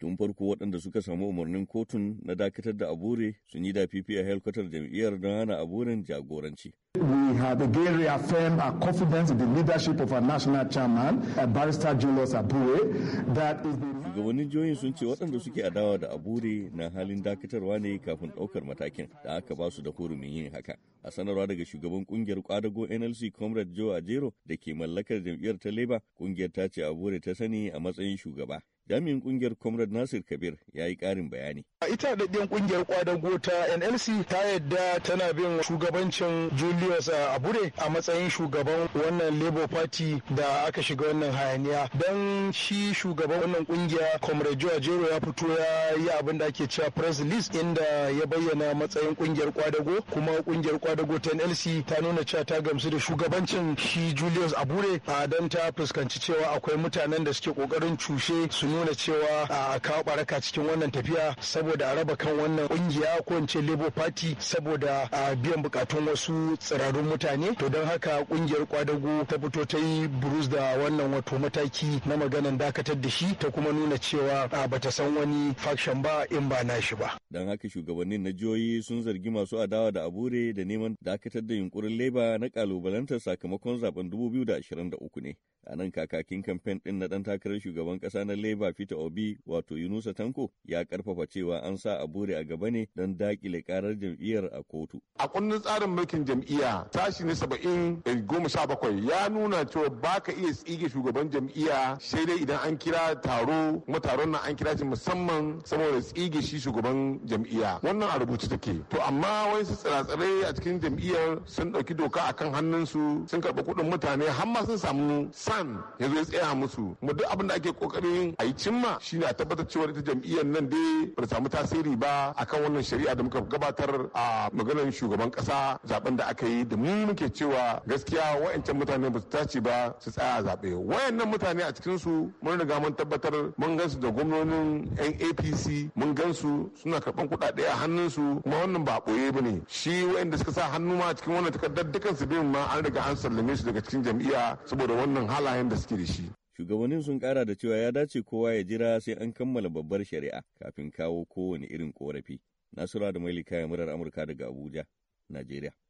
Tun farko waɗanda suka samu umarnin kotun na dakatar da abure sun yi fifi a helkwatar jam'iyyar don hana aburin jagoranci. We have again reaffirmed our confidence in the leadership of our national chairman, uh, Barrister Julius Abure, that is the shugabannin jihohin sun ce waɗanda suke adawa da abure na halin dakatarwa ne kafin ɗaukar matakin da aka ba su da hurumin yin haka a sanarwa daga shugaban kungiyar kwadago nlc comrade joe ajero da ke mallakar jam'iyyar ta leba kungiyar ta ce abure ta sani a matsayin shugaba Jami'in kungiyar Comrade Nasir Kabir ya yi karin bayani. Ita daɗin kungiyar kwadago ta NLC ta yadda tana bin shugabancin Julius uh, Abure a matsayin shugaban wannan Labour Party da aka shiga wannan hayaniya. Don shi shugaban wannan kungiya Comrade Joe Jero ya fito ya yi abin da ake cewa press list inda ya bayyana matsayin kungiyar kwadago kuma kungiyar kwadago ta NLC ta nuna cewa ta gamsu da shugabancin shi Julius Abure a uh, don ta fuskanci cewa akwai mutanen da suke kokarin cushe su nuna cewa a kawo baraka cikin wannan tafiya saboda a raba kan wannan kungiya ko in ce labour party saboda a biyan bukatun wasu tsirarun mutane to don haka kungiyar kwadago ta fito ta yi burus da wannan wato mataki na maganan dakatar da shi ta kuma nuna cewa a bata san wani faction ba in ba na shi ba don haka shugabannin na jihohi sun zargi masu adawa da abure da neman dakatar da yunkurin leba na kalubalantar sakamakon zaben 2023 ne a nan kakakin kamfen din na dan takarar shugaban kasa na leba Labour Peter Obi wato Yunusa Tanko ya karfafa cewa an sa a bure a gaba ne don dakile karar jam'iyyar a kotu. A kunnin tsarin mulkin jam'iyya tashi ne saba'in goma sha bakwai ya nuna cewa ba ka iya tsige shugaban jam'iyya sai dai idan an kira taro kuma taron nan an kira shi musamman saboda tsige shi shugaban jam'iyya wannan a rubuce take to amma wasu su tsiratsirai a cikin jam'iyyar sun ɗauki doka akan hannunsu sun karɓi kuɗin mutane har ma sun samu san ya zo ya tsaya musu mu duk abin da ake ƙoƙarin a yi cimma shine a tabbatar cewa ita jam'iyyar nan dai ba samu tasiri ba akan wannan shari'a da muka gabatar a maganar shugaban kasa zaben da aka yi da mu muke cewa gaskiya wa'ancan mutane ba su tace ba su tsaya zaɓe wayannan mutane a cikin su mun riga mun tabbatar mun gansu da gwamnonin yan apc mun gansu suna karɓan kuɗaɗe a hannun su kuma wannan ba ɓoye ba ne shi wa'anda suka sa hannu ma a cikin wannan takardar dukansu biyun ma an riga an sallame su daga cikin jam'iyya saboda wannan halayen da suke da shi Shugabannin sun kara da cewa ya dace kowa ya jira sai an kammala babbar shari'a kafin kawo kowane irin korafi. Nasura da Mailika ya murar Amurka daga Abuja, Najeriya.